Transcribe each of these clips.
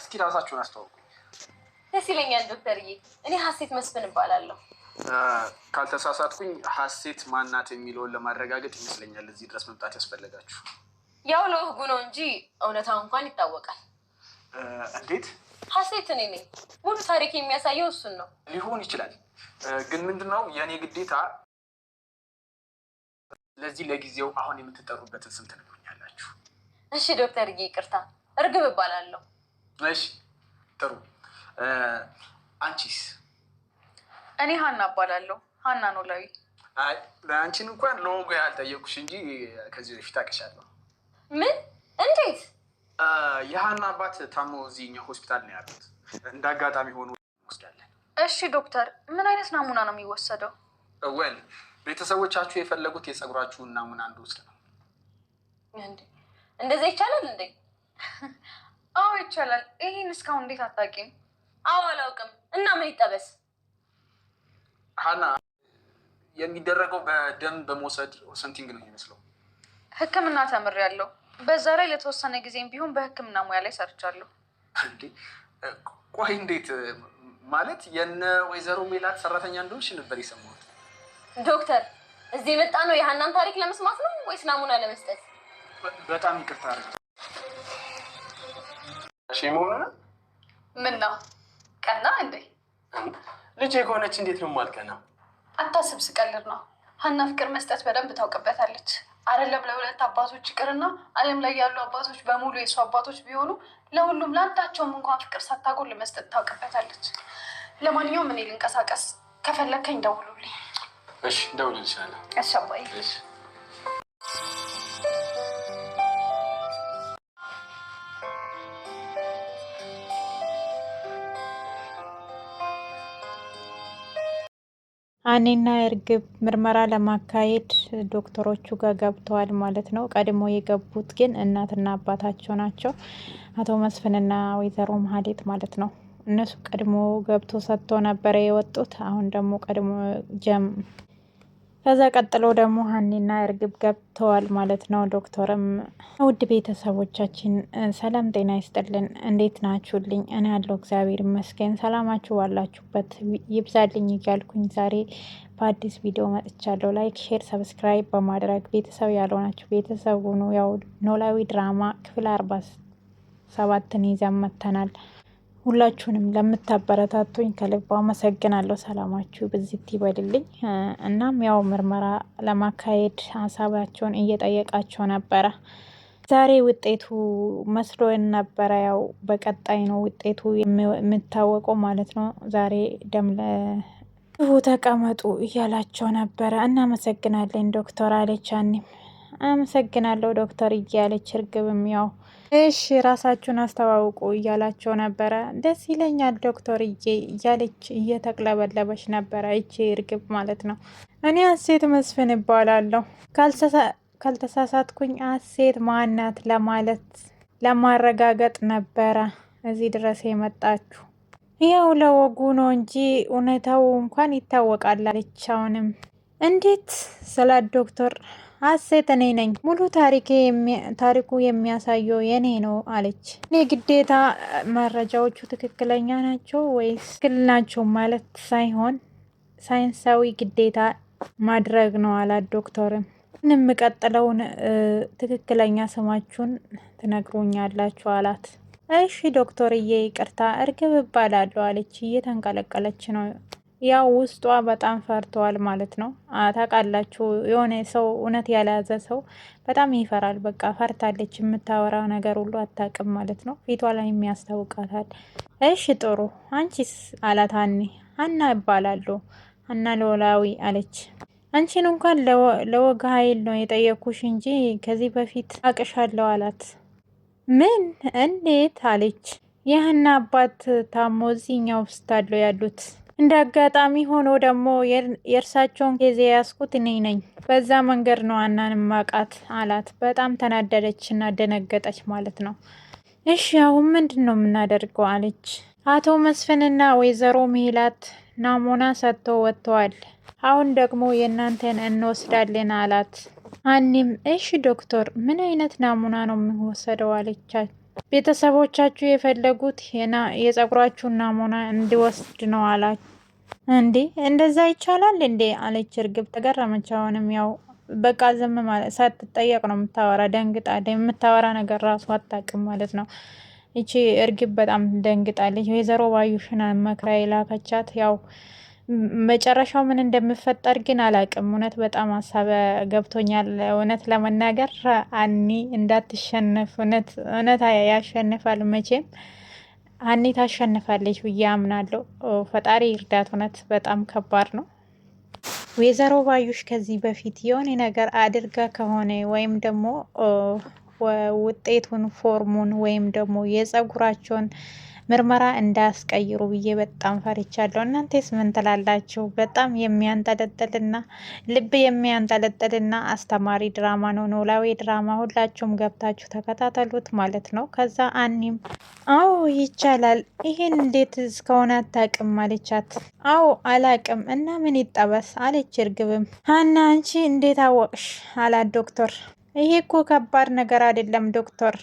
እስኪ ራሳችሁን አስተዋውቁኝ። ደስ ይለኛል ዶክተርዬ። እኔ ሀሴት መስፍን እባላለሁ። ካልተሳሳትኩኝ ሀሴት ማናት የሚለውን ለማረጋገጥ ይመስለኛል እዚህ ድረስ መምጣት ያስፈለጋችሁ። ያው ለወጉ ነው እንጂ እውነታ እንኳን ይታወቃል። እንዴት? ሀሴት እኔ ነኝ። ሙሉ ታሪክ የሚያሳየው እሱን ነው። ሊሆን ይችላል፣ ግን ምንድነው የእኔ ግዴታ ለዚህ ለጊዜው አሁን የምትጠሩበትን ስም ትነግሩኛላችሁ። እሺ ዶክተርዬ፣ ይቅርታ እርግብ እባላለሁ። እሺ ጥሩ። አንቺስ? እኔ ሀና እባላለሁ። ሀና ኖላዊ። ለአንቺን እንኳን ሎጎ ያልጠየኩሽ እንጂ ከዚህ በፊት አቅሻለሁ። ምን? እንዴት? የሀና አባት ታሞ እዚህኛው ሆስፒታል ነው ያሉት። እንደ አጋጣሚ ሆኖ እንወስዳለን። እሺ ዶክተር፣ ምን አይነት ናሙና ነው የሚወሰደው? ወል ቤተሰቦቻችሁ የፈለጉት የፀጉራችሁን ናሙና እንድወስድ ነው። እንደዚህ ይቻላል እንዴ? አዎ ይቻላል። ይህን እስካሁን እንዴት አታውቂም? አዎ አላውቅም። እና ምን ይጠበስ? ሀና የሚደረገው በደም በመውሰድ ሰንቲንግ ነው የሚመስለው። ሕክምና ተምሬያለሁ። በዛ ላይ ለተወሰነ ጊዜም ቢሆን በህክምና ሙያ ላይ ሰርቻለሁ። ቆይ እንዴት ማለት የነ ወይዘሮ ሜላት ሰራተኛ እንደሆንሽ ነበር የሰማሁት። ዶክተር እዚህ የመጣ ነው የሀናን ታሪክ ለመስማት ነው ወይስ ናሙና ለመስጠት? በጣም ይቅርታ እሺ መሆኑን ምን ነው ቀና እንዴ? ልጅ ከሆነች እንዴት ነው ማልቀና? አታስብ፣ ስቀልድ ነው። ሀና ፍቅር መስጠት በደንብ ታውቅበታለች። አይደለም ለሁለት አባቶች ይቅርና ዓለም ላይ ያሉ አባቶች በሙሉ የእሱ አባቶች ቢሆኑ ለሁሉም ለአንዳቸውም እንኳን ፍቅር ሳታጎል መስጠት ታውቅበታለች። ለማንኛውም እኔ ልንቀሳቀስ፣ ከፈለግከኝ ደውሉልኝ። እሺ፣ ደውልልሻለሁ። እሺ። ሀኒና እርግብ ምርመራ ለማካሄድ ዶክተሮቹ ጋር ገብተዋል ማለት ነው። ቀድሞ የገቡት ግን እናትና አባታቸው ናቸው፣ አቶ መስፍንና ወይዘሮ መሀሌት ማለት ነው። እነሱ ቀድሞ ገብቶ ሰጥቶ ነበረ የወጡት። አሁን ደግሞ ቀድሞ ጀም ከዛ ቀጥሎ ደግሞ ሀኒና እርግብ ገብተዋል ማለት ነው። ዶክተርም ውድ ቤተሰቦቻችን ሰላም ጤና ይስጥልን፣ እንዴት ናችሁልኝ? እኔ ያለው እግዚአብሔር ይመስገን። ሰላማችሁ ባላችሁበት ይብዛልኝ እያልኩኝ ዛሬ በአዲስ ቪዲዮ መጥቻለሁ። ላይክ፣ ሼር፣ ሰብስክራይብ በማድረግ ቤተሰብ ያልሆናችሁ ቤተሰቡ ነው። ያው ኖላዊ ድራማ ክፍል አርባ ሰባትን ይዘን መጥተናል። ሁላችሁንም ለምታበረታቱኝ ከልብ አመሰግናለሁ። ሰላማችሁ ብዝት ይበልልኝ። እናም ያው ምርመራ ለማካሄድ ሀሳባቸውን እየጠየቃቸው ነበረ። ዛሬ ውጤቱ መስሎን ነበረ። ያው በቀጣይ ነው ውጤቱ የሚታወቀው ማለት ነው። ዛሬ ደም ለግቡ ተቀመጡ እያላቸው ነበረ። እናመሰግናለን ዶክተር አለቻኒም አመሰግናለሁ ዶክተር እያለች እርግብም ያው እሺ ራሳችሁን አስተዋውቁ እያላቸው ነበረ። ደስ ይለኛል ዶክተር እዬ እያለች እየተቅለበለበች ነበረ፣ ይቺ እርግብ ማለት ነው። እኔ አሴት መስፍን እባላለሁ ካልተሳሳትኩኝ አሴት ማናት ለማለት ለማረጋገጥ ነበረ እዚህ ድረስ የመጣችሁ ይኸው ለወጉ ነው እንጂ እውነታው እንኳን ይታወቃል አለች። አሁንም እንዴት ስለ ዶክተር ሀሴት እኔ ነኝ፣ ሙሉ ታሪኩ የሚያሳየው የኔ ነው አለች። እኔ ግዴታ መረጃዎቹ ትክክለኛ ናቸው ወይስ ትክክል ናቸው ማለት ሳይሆን ሳይንሳዊ ግዴታ ማድረግ ነው አላት። ዶክተርም እንምቀጥለውን ትክክለኛ ስማችሁን ትነግሩኛላችሁ አላት። እሺ ዶክተርዬ ይቅርታ እርግብ እባላለሁ አለች። እየተንቀለቀለች ነው ያው ውስጧ በጣም ፈርተዋል ማለት ነው። ታውቃላችሁ የሆነ ሰው እውነት ያልያዘ ሰው በጣም ይፈራል። በቃ ፈርታለች። የምታወራ ነገር ሁሉ አታውቅም ማለት ነው። ፊቷ ላይ የሚያስታውቃታል። እሺ ጥሩ አንቺስ? አላት ሀኒ። ሀና እባላለሁ ሀና ኖላዊ አለች። አንቺን እንኳን ለወግ ኃይል ነው የጠየኩሽ እንጂ ከዚህ በፊት አቅሻለሁ አላት። ምን እንዴት? አለች። የሀና አባት ታሞ እዚህኛው ውስጥ አለው ያሉት እንደ አጋጣሚ ሆኖ ደግሞ የእርሳቸውን ጊዜ የያዝኩት እኔ ነኝ። በዛ መንገድ ነው አናን ማቃት አላት። በጣም ተናደደች እና ደነገጠች ማለት ነው። እሺ አሁን ምንድን ነው የምናደርገው አለች። አቶ መስፍንና ወይዘሮ ሚላት ናሙና ሰጥቶ ወጥተዋል። አሁን ደግሞ የእናንተን እንወስዳለን አላት። አኒም እሺ ዶክተር ምን አይነት ናሙና ነው የሚወሰደው አለቻት። ቤተሰቦቻችሁ የፈለጉት የጸጉራችሁን ናሙና እንዲወስድ ነው አላች። እንዴ እንደዛ ይቻላል እንዴ አለች እርግብ ተገረመች። አሁንም ያው በቃ ዝም ማለት ሳትጠየቅ ነው የምታወራ። ደንግጣ የምታወራ ነገር ራሱ አታውቅም ማለት ነው። ይቺ እርግብ በጣም ደንግጣለች። ወይዘሮ ባዩሽን መክራ የላከቻት ያው መጨረሻው ምን እንደምፈጠር ግን አላቅም። እውነት በጣም ሀሳብ ገብቶኛል። እውነት ለመናገር አኒ እንዳትሸነፍ እውነት እውነት ያሸንፋል መቼም አኒ ታሸንፋለች ብዬ አምናለሁ። ፈጣሪ እርዳት። እውነት በጣም ከባድ ነው። ወይዘሮ ባዩሽ ከዚህ በፊት የሆነ ነገር አድርጋ ከሆነ ወይም ደግሞ ውጤቱን ፎርሙን ወይም ደግሞ የጸጉራቸውን ምርመራ እንዳያስቀይሩ ብዬ በጣም ፈርቻለሁ። እናንተስ ምን ትላላችሁ? በጣም የሚያንጠለጥልና ልብ የሚያንጠለጥልና አስተማሪ ድራማ ነው ኖላዊ ድራማ። ሁላችሁም ገብታችሁ ተከታተሉት ማለት ነው። ከዛ አኒም አዎ ይቻላል፣ ይህን እንዴት እስከሆነ አታውቅም አለቻት። አዎ አላውቅም እና ምን ይጠበስ አለች እርግብም። ሀና አንቺ እንዴት አወቅሽ አላት ዶክተር። ይሄ እኮ ከባድ ነገር አይደለም ዶክተር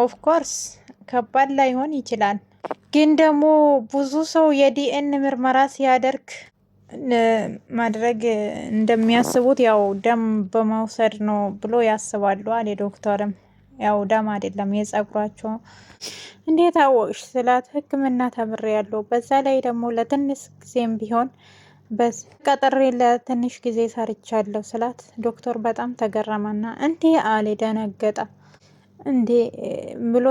ኦፍ ኮርስ ከባድ ላይሆን ይችላል። ግን ደግሞ ብዙ ሰው የዲኤን ምርመራ ሲያደርግ ማድረግ እንደሚያስቡት ያው ደም በመውሰድ ነው ብሎ ያስባሉ አለ ዶክተርም። ያው ደም አይደለም የጸጉራቸው። እንዴት አወቅሽ ስላት ሕክምና ተምሬ ያለው በዛ ላይ ደግሞ ለትንሽ ጊዜም ቢሆን ቀጥሬ ለትንሽ ጊዜ ሰርቻለሁ ስላት ዶክተር በጣም ተገረመና እንዲህ አለ ደነገጠ። እንዴ ብሎ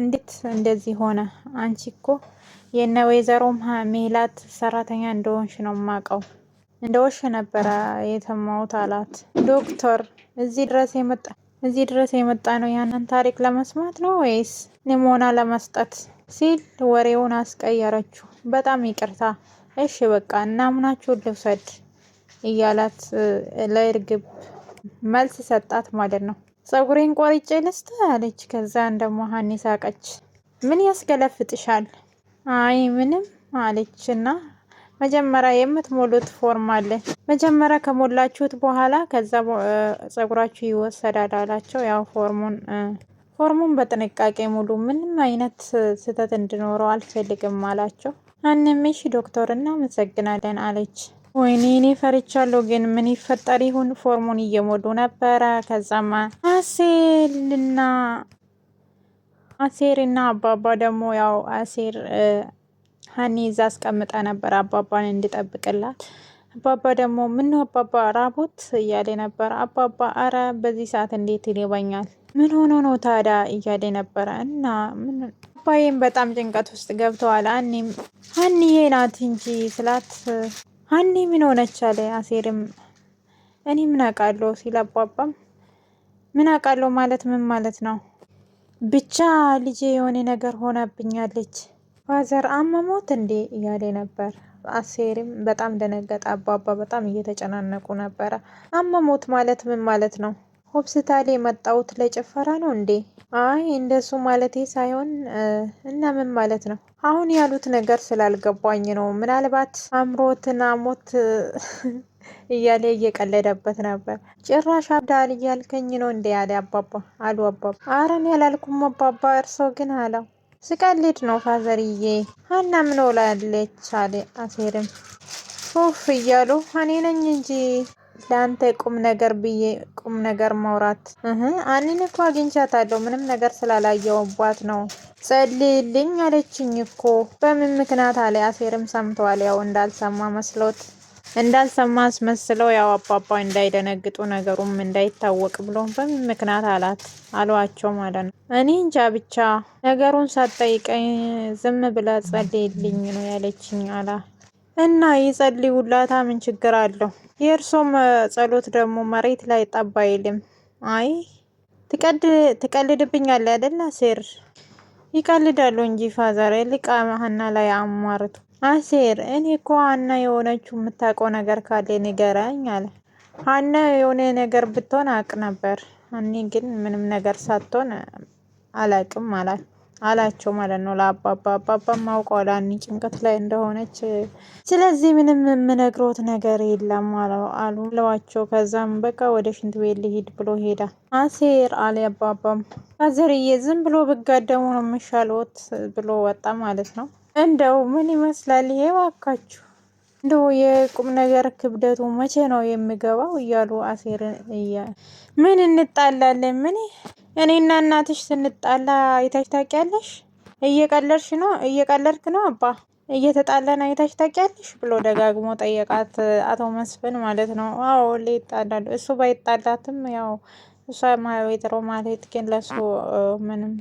እንዴት እንደዚህ ሆነ? አንቺ እኮ የነ ወይዘሮ ሜላት ሰራተኛ እንደሆንሽ ነው ማቀው እንደወሽ ነበረ የተማውት አላት። ዶክተር እዚህ ድረስ የመጣ እዚህ ድረስ የመጣ ነው ያንን ታሪክ ለመስማት ነው ወይስ ኒሞና ለመስጠት ሲል ወሬውን አስቀየረችው። በጣም ይቅርታ እሺ በቃ እናምናችሁን ልውሰድ እያላት ለእርግብ መልስ ሰጣት ማለት ነው። ፀጉሬን ቆርጬ ልስጥ አለች። ከዛን ደግሞ ሀኒ ሳቀች። ምን ያስገለፍጥሻል? አይ ምንም አለችና መጀመሪያ የምትሞሉት ፎርም አለ። መጀመሪያ ከሞላችሁት በኋላ ከዛ ፀጉራችሁ ይወሰዳል አላቸው። ያው ፎርሙን ፎርሙን በጥንቃቄ ሙሉ፣ ምንም አይነት ስህተት እንዲኖረው አልፈልግም አላቸው። አንምሽ ዶክተር እናመሰግናለን አለች። ወይኔ እኔ ፈርቻለሁ። ግን ምን ይፈጠር ይሁን? ፎርሙን እየሞሉ ነበረ። ከዛማ አሴልና አሴርና አባባ ደግሞ ያው አሴር ሀኒ እዛ አስቀምጣ ነበር አባባን እንድጠብቅላት። አባባ ደግሞ ምን አባባ ራቦት እያለ ነበር። አባባ አረ በዚህ ሰዓት እንዴት ይሌባኛል? ምን ሆኖ ነው ታዲያ እያለ ነበረ እና አባዬም በጣም ጭንቀት ውስጥ ገብተዋል። አኒም ሀኒዬ ናት እንጂ ስላት ሀኒ ምን ሆነች አለ አሴርም እኔ ምን አውቃለሁ ሲል አባባም ምን አውቃለሁ ማለት ምን ማለት ነው? ብቻ ልጄ የሆነ ነገር ሆናብኛለች ፋዘር አመሞት እንዴ እያለ ነበር። አሴርም በጣም ደነገጠ። አባባ በጣም እየተጨናነቁ ነበረ። አመሞት ማለት ምን ማለት ነው? ሆስፒታል የመጣሁት ለጭፈራ ነው እንዴ? አይ እንደሱ ማለቴ ሳይሆን እና ምን ማለት ነው? አሁን ያሉት ነገር ስላልገባኝ ነው። ምናልባት አምሮትና አሞት እያለ እየቀለደበት ነበር። ጭራሽ አብዳል እያልከኝ ነው እንዴ አለ አባባ አሉ አባባ። አረን ያላልኩም አባባ፣ እርሶ ግን አለው። ስቀልድ ነው ፋዘርዬ። ሀና ምን ውላለች አለ አሴርም ሁፍ እያሉ እኔ ነኝ እንጂ ለአንተ ቁም ነገር ብዬ ቁም ነገር ማውራት አንን እኮ አግኝቻታለሁ ምንም ነገር ስላላየውባት ነው ጸልይልኝ አለችኝ እኮ በምን ምክንያት አለ አሴርም ሰምተዋል ያው እንዳልሰማ መስሎት እንዳልሰማ አስመስለው ያው አባባ እንዳይደነግጡ ነገሩም እንዳይታወቅ ብሎ በምን ምክንያት አላት አሏቸው ማለት ነው እኔ እንጃ ብቻ ነገሩን ሳትጠይቀኝ ዝም ብላ ጸልይልኝ ነው ያለችኝ አላ እና ይጸልዩላታ ምን ችግር አለው? የእርሶም ጸሎት ደግሞ መሬት ላይ ጠብ አይልም። አይ ትቀልድብኛለህ አይደል ሴር ይቀልዳሉ እንጂ ፋዘር ልቃ ሀና ላይ አማርቱ። አሴር እኔ እኮ ሀና የሆነችው የምታውቀው ነገር ካለ ንገረኝ አለ። ሀና የሆነ ነገር ብትሆን አውቅ ነበር፣ እኔ ግን ምንም ነገር ሳትሆን አላውቅም አላት። አላቸው ማለት ነው ለአባባ። አባባም አውቀዋል ሀኒ ጭንቀት ላይ እንደሆነች፣ ስለዚህ ምንም የምነግሮት ነገር የለም አሉ ለዋቸው። ከዛም በቃ ወደ ሽንት ቤት ልሂድ ብሎ ሄዳ አሴር አለ አባባም። አዘርዬ ዝም ብሎ ብጋደሙ ነው የምሻልዎት ብሎ ወጣ ማለት ነው። እንደው ምን ይመስላል ይሄ ባካችሁ እንደው የቁም ነገር ክብደቱ መቼ ነው የሚገባው? እያሉ አሴርን ምን እንጣላለን? ምን እኔና እናትሽ ስንጣላ አይታች ታውቂያለሽ? እየቀለድሽ ነው እየቀለድክ ነው አባ እየተጣለን አይታች ታውቂያለሽ? ብሎ ደጋግሞ ጠየቃት። አቶ መስፍን ማለት ነው። አዎ ሊጣላሉ እሱ ባይጣላትም ያው እሷ ማቤት ሮ ማለት ግን ለሱ ምንም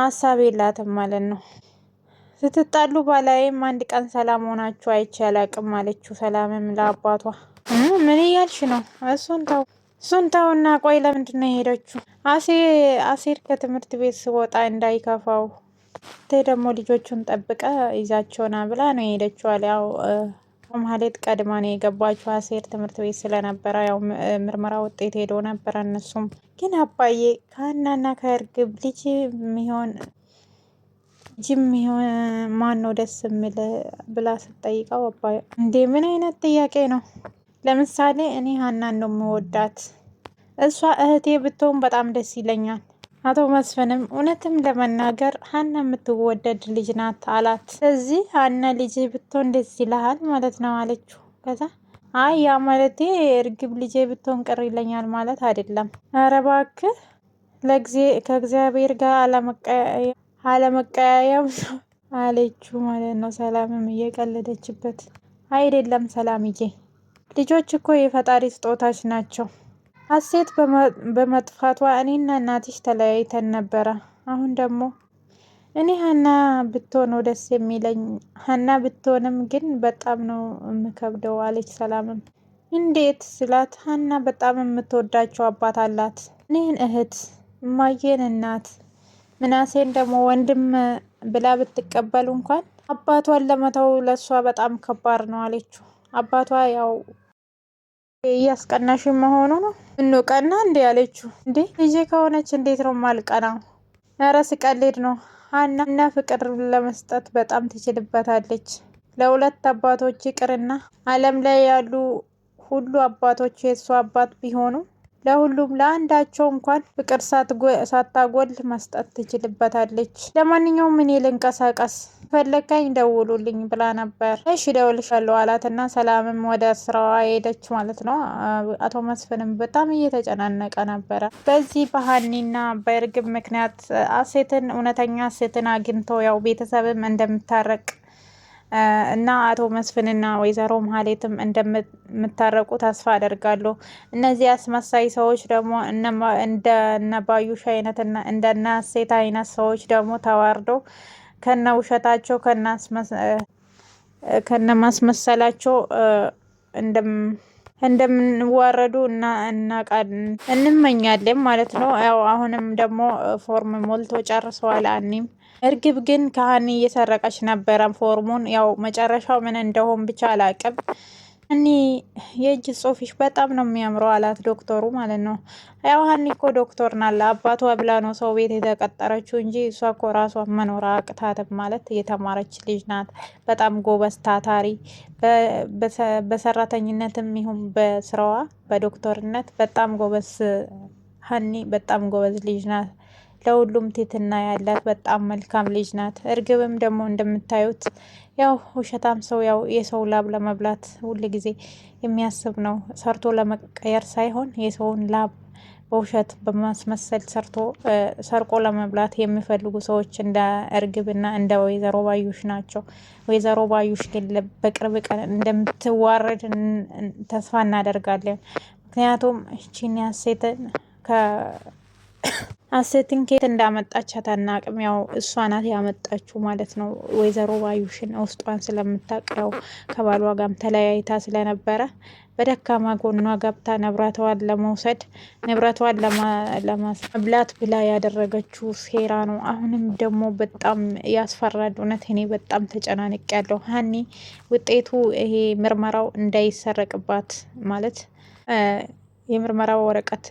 ሀሳብ የላትም ማለት ነው። ስትጣሉ ባላይም አንድ ቀን ሰላም ሆናችሁ አይቼ አላቅም አለችው። ሰላምም ለአባቷ ምን እያልሽ ነው? እሱን ተው እሱን እና ቆይ ለምንድን ነው የሄደችው? አሴር ከትምህርት ቤት ስወጣ እንዳይከፋው ቴ ደግሞ ልጆቹን ጠብቀ ይዛቸውና ብላ ነው የሄደችው አለ። ያው ማህሌት ቀድማ ነው የገባችው። አሴር ትምህርት ቤት ስለነበረ ያው ምርመራ ውጤት ሄዶ ነበረ። እነሱም ግን አባዬ ከሀናና ከእርግብ ልጅ የሚሆን ጅም ማን ነው ደስ የሚል ብላ ስትጠይቀው አባዬ እንዴ ምን አይነት ጥያቄ ነው? ለምሳሌ እኔ ሀናን ነው የምወዳት፣ እሷ እህቴ ብትሆን በጣም ደስ ይለኛል። አቶ መስፍንም እውነትም ለመናገር ሀና የምትወደድ ልጅ ናት አላት። ስለዚህ ሀና ልጅ ብትሆን ደስ ይልሃል ማለት ነው አለችው። ከዛ አይ ያ ማለቴ እርግብ ልጄ ብትሆን ቅር ይለኛል ማለት አይደለም። ኧረ እባክህ ከእግዚአብሔር ጋር አለመቀያ አለመቀያየም አለችው ማለት ነው። ሰላምም እየቀለደችበት አይደለም። ሰላምዬ ልጆች እኮ የፈጣሪ ስጦታች ናቸው። ሀሴት በመጥፋቷ እኔና እናትሽ ተለያይተን ነበረ። አሁን ደግሞ እኔ ሀና ብትሆን ነው ደስ የሚለኝ። ሀና ብትሆንም ግን በጣም ነው የምከብደው አለች። ሰላምም እንዴት ስላት ሀና በጣም የምትወዳቸው አባት አላት፣ እኔን እህት፣ እማዬን እናት ምናሴን ደግሞ ወንድም ብላ ብትቀበሉ እንኳን አባቷን ለመተው ለእሷ በጣም ከባድ ነው አለችው። አባቷ ያው እያስቀናሽ መሆኑ ነው። ምነው ቀና እንዴ አለችው። እንዴ ልጄ ከሆነች እንዴት ነው ማልቀና? ኧረ ስቀልድ ነው። እና ፍቅር ለመስጠት በጣም ትችልበታለች። ለሁለት አባቶች ይቅርና ዓለም ላይ ያሉ ሁሉ አባቶች የእሷ አባት ቢሆኑም ለሁሉም ለአንዳቸው እንኳን ፍቅር ሳታጎል መስጠት ትችልበታለች። ለማንኛውም እኔ ልንቀሳቀስ ፈለጋኝ ደውሉልኝ ብላ ነበር። እሺ እደውልልሻለሁ አላትና ሰላምም ወደ ስራዋ ሄደች ማለት ነው። አቶ መስፍንም በጣም እየተጨናነቀ ነበረ። በዚህ በሀኒና በእርግብ ምክንያት ሴትን እውነተኛ አሴትን አግኝቶ ያው ቤተሰብም እንደምታረቅ እና አቶ መስፍንና ወይዘሮ መሀሌትም እንደምታረቁ ተስፋ አደርጋለሁ። እነዚህ አስመሳይ ሰዎች ደግሞ እንደነባዩሽ አይነትና እንደነ ሴት አይነት ሰዎች ደግሞ ተዋርደው ከነ ውሸታቸው ከነ ማስመሰላቸው እንደምንዋረዱ እና እናቃለን እንመኛለን ማለት ነው። ያው አሁንም ደግሞ ፎርም ሞልቶ ጨርሰዋል አኒም እርግብ ግን ከሀኒ እየሰረቀች ነበረ ፎርሙን። ያው መጨረሻው ምን እንደሆን ብቻ አላቅም። ሀኒ የእጅ ጽሁፍሽ በጣም ነው የሚያምረው አላት ዶክተሩ ማለት ነው። ያው ሀኒ እኮ ዶክተር ናለ አባቷ ብላ ነው ሰው ቤት የተቀጠረችው እንጂ እሷ እኮ ራሷ መኖር አቅታትም። ማለት የተማረች ልጅ ናት። በጣም ጎበዝ ታታሪ፣ በሰራተኝነትም ይሁን በስራዋ በዶክተርነት በጣም ጎበዝ ሀኒ በጣም ጎበዝ ልጅ ናት። ለሁሉም ትህትና ያላት በጣም መልካም ልጅ ናት። እርግብም ደግሞ እንደምታዩት ያው ውሸታም ሰው ያው የሰው ላብ ለመብላት ሁል ጊዜ የሚያስብ ነው። ሰርቶ ለመቀየር ሳይሆን የሰውን ላብ በውሸት በማስመሰል ሰርቶ ሰርቆ ለመብላት የሚፈልጉ ሰዎች እንደ እርግብና እንደ ወይዘሮ ባዩሽ ናቸው። ወይዘሮ ባዩሽ ግን በቅርብ ቀን እንደምትዋረድ ተስፋ እናደርጋለን። ምክንያቱም ቺን ያሴትን ሀሴትን ኬት እንዳመጣቻት አናቅም። ያው እሷ ናት ያመጣችው ማለት ነው። ወይዘሮ ባዩሽን ውስጧን ስለምታውቅ ያው ከባሏ ጋርም ተለያይታ ስለነበረ በደካማ ጎኗ ገብታ ንብረቷን ለመውሰድ ንብረቷን ለመብላት ብላ ያደረገችው ሴራ ነው። አሁንም ደግሞ በጣም ያስፈራል። እውነት እኔ በጣም ተጨናንቅ ያለው ሀኒ ውጤቱ ይሄ ምርመራው እንዳይሰረቅባት ማለት የምርመራ ወረቀት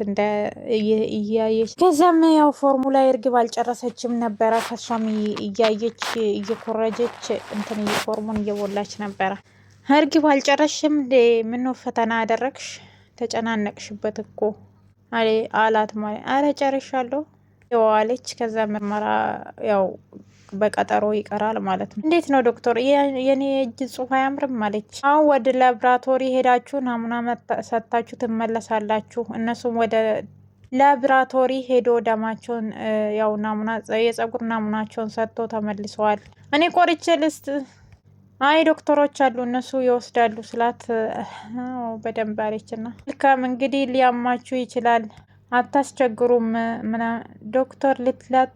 እያየች ከዚያም ያው ፎርሙላ እርግብ አልጨረሰችም ነበረ። ከሷም እያየች እየኮረጀች እንትን እየፎርሙን እየቦላች ነበረ። እርግብ አልጨረሽም እንዴ? ምነው ፈተና አደረግሽ? ተጨናነቅሽበት እኮ አላት ማለት አረ ጨርሻለሁ የዋለች ከዛ ምርመራ ያው በቀጠሮ ይቀራል ማለት ነው። እንዴት ነው ዶክተር፣ የኔ የእጅ ጽሁፍ አያምርም አለች። አሁን ወደ ላብራቶሪ ሄዳችሁ ናሙና ሰጥታችሁ ትመለሳላችሁ። እነሱም ወደ ላብራቶሪ ሄዶ ደማቸውን ያው ናሙና የጸጉር ናሙናቸውን ሰጥቶ ተመልሰዋል። እኔ ቆርቼ ልስጥ አይ ዶክተሮች አሉ እነሱ ይወስዳሉ ስላት በደንብ አለችና፣ ልካም እንግዲህ ሊያማችሁ ይችላል አታስቸግሩም ምና ዶክተር ልትላት